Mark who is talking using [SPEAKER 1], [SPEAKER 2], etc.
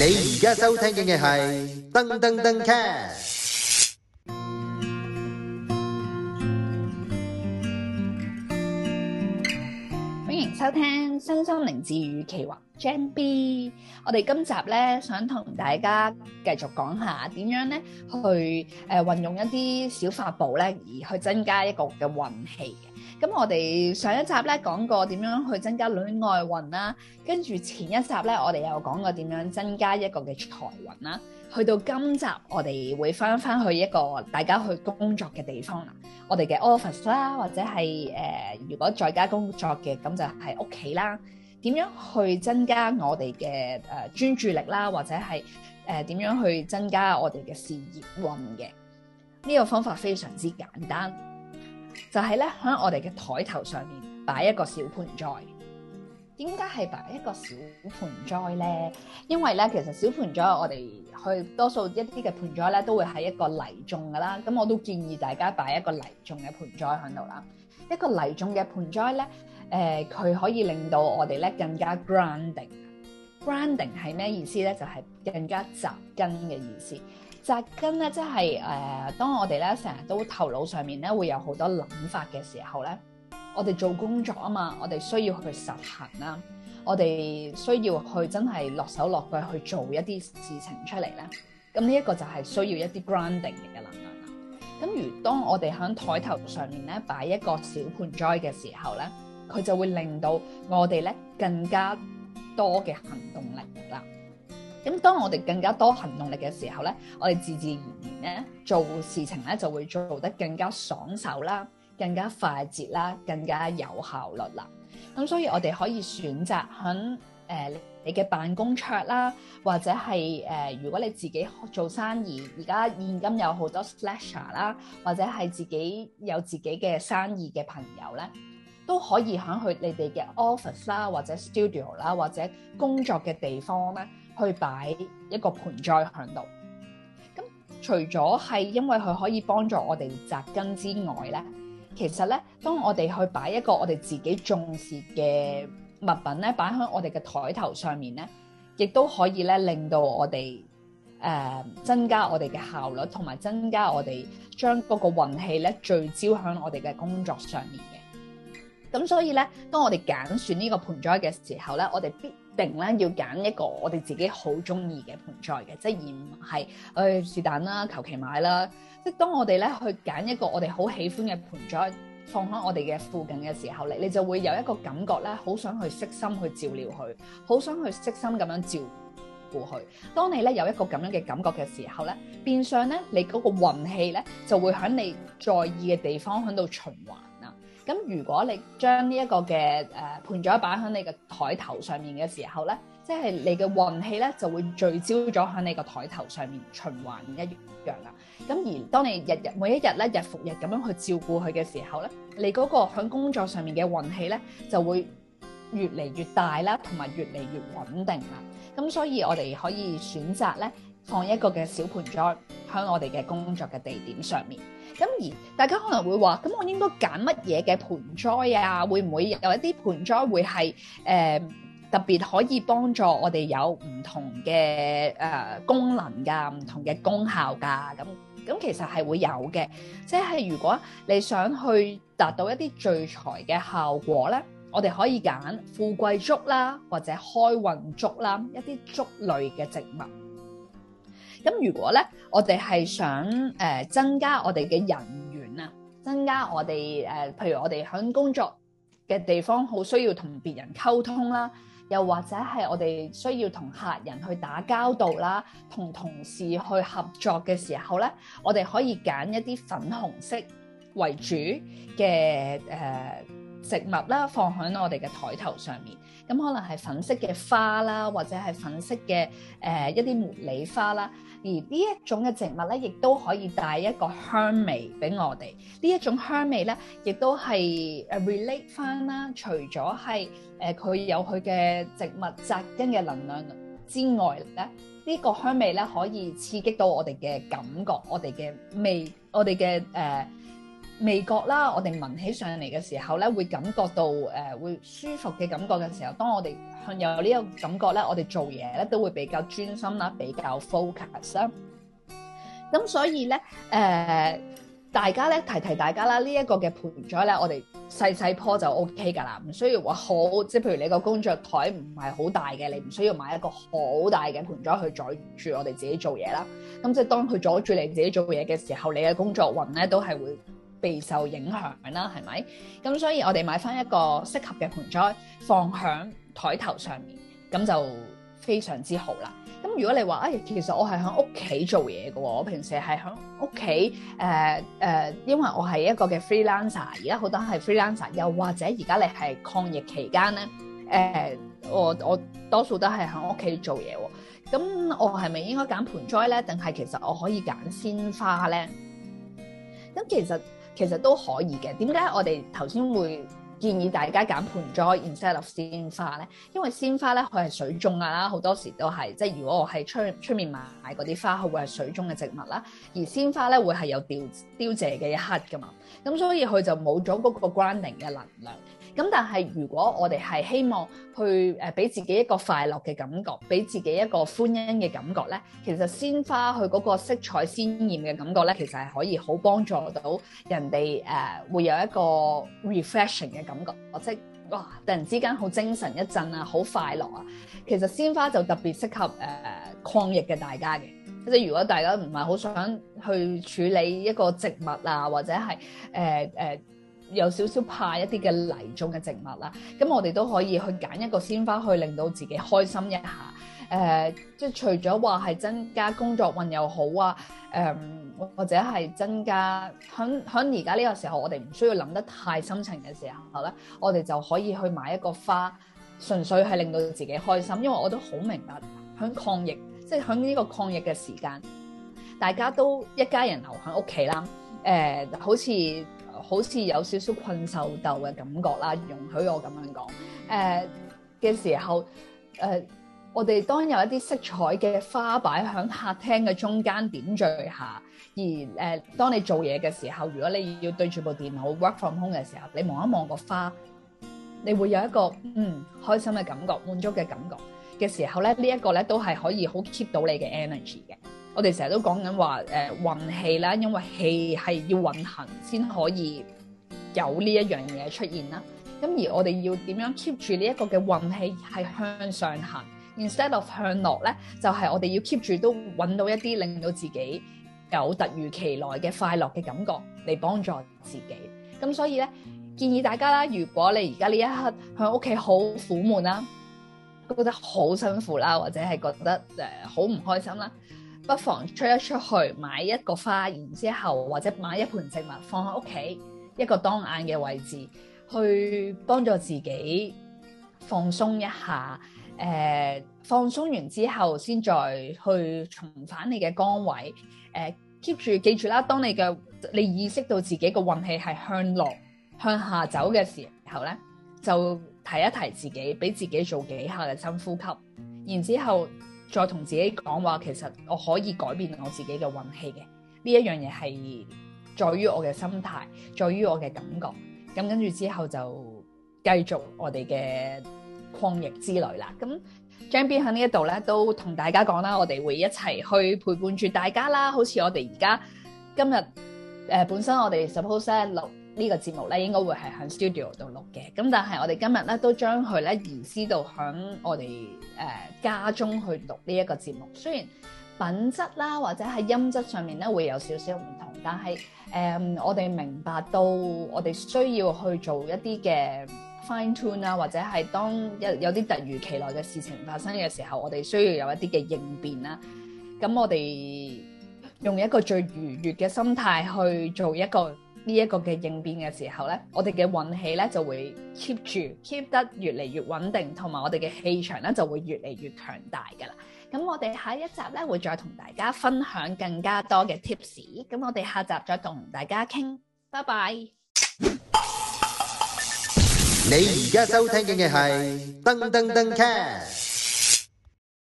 [SPEAKER 1] 你而家收聽嘅係噔噔噔 c a t 收聽新生靈智與奇話 Jam B，我哋今集咧想同大家繼續講下點樣咧去誒、呃、運用一啲小法寶咧，而去增加一個嘅運氣嘅。咁我哋上一集咧講過點樣去增加戀愛運啦、啊，跟住前一集咧我哋又講過點樣增加一個嘅財運啦、啊。去到今集，我哋會翻翻去一個大家去工作嘅地方啦，我哋嘅 office 啦，或者係、呃、如果在家工作嘅，咁就喺屋企啦。點樣去增加我哋嘅誒專注力啦，或者係誒點樣去增加我哋嘅事業運嘅？呢個方法非常之簡單，就係咧喺我哋嘅枱頭上面擺一個小盆栽。點解係擺一個小盆栽咧？因為咧，其實小盆栽我哋去多數一啲嘅盆栽咧，都會喺一個泥種㗎啦。咁我都建議大家擺一個泥種嘅盆栽喺度啦。一個泥種嘅盆栽咧，誒、呃，佢可以令到我哋咧更加 grounding。grounding 係咩意思咧？就係、是、更加紮根嘅意思。紮根咧，即係誒、呃，當我哋咧成日都頭腦上面咧會有好多諗法嘅時候咧。我哋做工作啊嘛，我哋需要去實行啦，我哋需要去真係落手落腳去做一啲事情出嚟啦。咁呢一個就係需要一啲 grounding 嘅能量啦。咁如當我哋喺台頭上面咧擺一個小盆栽嘅時候咧，佢就會令到我哋咧更加多嘅行動力啦。咁當我哋更加多行動力嘅時候咧，我哋自自然然咧做事情咧就會做得更加爽手啦。更加快捷啦，更加有效率啦。咁所以，我哋可以選擇喺誒、呃、你嘅辦公桌啦，或者係誒、呃、如果你自己做生意，而家現今有好多 slasher 啦，或者係自己有自己嘅生意嘅朋友咧，都可以喺去你哋嘅 office 啦，或者 studio 啦，或者工作嘅地方咧，去擺一個盆栽喺度。咁除咗係因為佢可以幫助我哋扎根之外咧。其實咧，當我哋去擺一個我哋自己重視嘅物品咧，擺響我哋嘅台頭上面咧，亦都可以咧令到我哋誒、呃、增加我哋嘅效率，同埋增加我哋將個運氣咧聚焦響我哋嘅工作上面嘅。咁所以咧，當我哋揀選呢個盆栽嘅時候咧，我哋必定咧要揀一個我哋自己好中意嘅盆栽嘅，即係而唔係，唉是但啦，求其買啦。即係當我哋咧去揀一個我哋好喜歡嘅盆栽放喺我哋嘅附近嘅時候，你你就會有一個感覺咧，好想去悉心去照料佢，好想去悉心咁樣照顧佢。當你咧有一個咁樣嘅感覺嘅時候咧，變相咧你嗰個運氣咧就會喺你在意嘅地方喺度循環。咁如果你將呢一個嘅誒盆栽擺喺你嘅台頭上面嘅時候咧，即係你嘅運氣咧就會聚焦咗喺你個台頭上面循環一樣啦。咁而當你日日每一日咧日復日咁樣去照顧佢嘅時候咧，你嗰個喺工作上面嘅運氣咧就會越嚟越大啦，同埋越嚟越穩定啦。咁所以我哋可以選擇咧放一個嘅小盆栽喺我哋嘅工作嘅地點上面。咁而大家可能會話，咁我應該揀乜嘢嘅盆栽啊？會唔會有一啲盆栽會係誒、呃、特別可以幫助我哋有唔同嘅誒、呃、功能㗎、唔同嘅功效㗎？咁咁其實係會有嘅。即係如果你想去達到一啲聚財嘅效果咧，我哋可以揀富貴竹啦，或者開運竹啦，一啲竹類嘅植物。咁如果咧，我哋係想誒增加我哋嘅人緣啊，增加我哋誒、呃，譬如我哋喺工作嘅地方好需要同別人溝通啦，又或者係我哋需要同客人去打交道啦，同同事去合作嘅時候咧，我哋可以揀一啲粉紅色為主嘅誒、呃植物啦，放喺我哋嘅枱頭上面，咁可能係粉色嘅花啦，或者係粉色嘅誒、呃、一啲茉莉花啦。而呢一種嘅植物咧，亦都可以帶一個香味俾我哋。呢一種香味咧，亦都係 relate 翻啦。除咗係誒佢有佢嘅植物扎根嘅能量之外咧，呢、這個香味咧可以刺激到我哋嘅感覺、我哋嘅味、我哋嘅誒。呃味覺啦，我哋聞起上嚟嘅時候咧，會感覺到誒、呃、會舒服嘅感覺嘅時候。當我哋向右呢個感覺咧，我哋做嘢咧都會比較專心啦，比較 focus 啦。咁所以咧誒、呃，大家咧提提大家啦。呢、這、一個嘅盆栽咧，我哋細細棵就 O K 㗎啦，唔需要話好。即係譬如你個工作台唔係好大嘅，你唔需要買一個好大嘅盆栽去阻住我哋自己做嘢啦。咁即係當佢阻住你自己做嘢嘅時候，你嘅工作運咧都係會。備受影響啦，係咪？咁所以，我哋買返一個適合嘅盆栽放響枱頭上面，咁就非常之好啦。咁如果你話，哎，其實我係喺屋企做嘢嘅喎，我平時係喺屋企，誒、呃、誒、呃，因為我係一個嘅 freelancer，而家好多係 freelancer，又或者而家你係抗疫期間咧，誒、呃，我我多數都係喺屋企做嘢喎。咁我係咪應該揀盆栽咧？定係其實我可以揀鮮花咧？咁其實。其實都可以嘅，點解我哋頭先會建議大家揀盆栽，instead of 鮮花咧？因為鮮花咧，佢係水種啊，好多時都係，即係如果我喺出出面買嗰啲花，佢會係水中嘅植物啦。而鮮花咧，會係有掉凋謝嘅一刻噶嘛，咁所以佢就冇咗嗰個 grounding 嘅能量。咁但係如果我哋係希望去誒俾自己一個快樂嘅感覺，俾自己一個歡欣嘅感覺咧，其實鮮花佢嗰個色彩鮮豔嘅感覺咧，其實係可以好幫助到人哋誒、呃、會有一個 refreshing 嘅感覺，即係哇突然之間好精神一陣啊，好快樂啊！其實鮮花就特別適合誒、呃、抗疫嘅大家嘅，即係如果大家唔係好想去處理一個植物啊，或者係誒誒。呃呃有少少怕一啲嘅泥種嘅植物啦，咁我哋都可以去揀一個鮮花去令到自己開心一下。誒、呃，即係除咗話係增加工作運又好啊，誒、呃、或者係增加響響而家呢個時候，我哋唔需要諗得太深情嘅時候咧，我哋就可以去買一個花，純粹係令到自己開心。因為我都好明白響抗疫，即係響呢個抗疫嘅時間，大家都一家人留喺屋企啦。誒、呃，好似～好似有少少困獸鬥嘅感覺啦，容許我咁樣講。嘅、uh, 時候，uh, 我哋當有一啲色彩嘅花擺喺客廳嘅中間點綴下，而、uh, 當你做嘢嘅時候，如果你要對住部電腦 work from home 嘅時候，你望一望個花，你會有一個嗯開心嘅感覺、滿足嘅感覺嘅時候咧，這個、呢一個咧都係可以好 keep 到你嘅 energy 嘅。我哋成日都講緊話，誒運氣啦，因為氣係要運行先可以有呢一樣嘢出現啦。咁而我哋要點樣 keep 住呢一個嘅運氣係向上行，instead of 向落咧，就係我哋要 keep 住都揾到一啲令到自己有突如其來嘅快樂嘅感覺嚟幫助自己。咁所以咧，建議大家啦，如果你而家呢一刻喺屋企好苦悶啦，覺得好辛苦啦，或者係覺得誒好唔開心啦。不妨出一出去買一個花，然之後或者買一盆植物放喺屋企一個當眼嘅位置，去幫助自己放鬆一下。呃，放鬆完之後先再去重返你嘅崗位。誒，keep 住記住啦，當你嘅你意識到自己個運氣係向落向下走嘅時候咧，就提一提自己，俾自己做幾下嘅深呼吸，然之後。再同自己講話，其實我可以改變我自己嘅運氣嘅，呢一樣嘢係在於我嘅心態，在於我嘅感覺。咁跟住之後就繼續我哋嘅抗疫之旅啦。咁 Jam 喺呢一度咧都同大家講啦，我哋會一齊去陪伴住大家啦。好似我哋而家今日誒、呃、本身我哋 suppose 咧呢個節目咧應該會係喺 studio 度錄嘅，咁但係我哋今日咧都將佢咧移師到響我哋誒家中去錄呢一個節目。雖然品質啦或者喺音質上面咧會有少少唔同，但係誒、嗯、我哋明白到我哋需要去做一啲嘅 fine tune 啦，或者係當有有啲突如其來嘅事情發生嘅時候，我哋需要有一啲嘅應變啦。咁我哋用一個最愉悅嘅心態去做一個。呢一個嘅應變嘅時候咧，我哋嘅運氣咧就會 keep 住，keep 得越嚟越穩定，同埋我哋嘅氣場咧就會越嚟越強大㗎喇。咁我哋下一集咧會再同大家分享更加多嘅 tips。咁我哋下集再同大家傾，拜拜。你而家收聽緊嘅係噔噔噔 c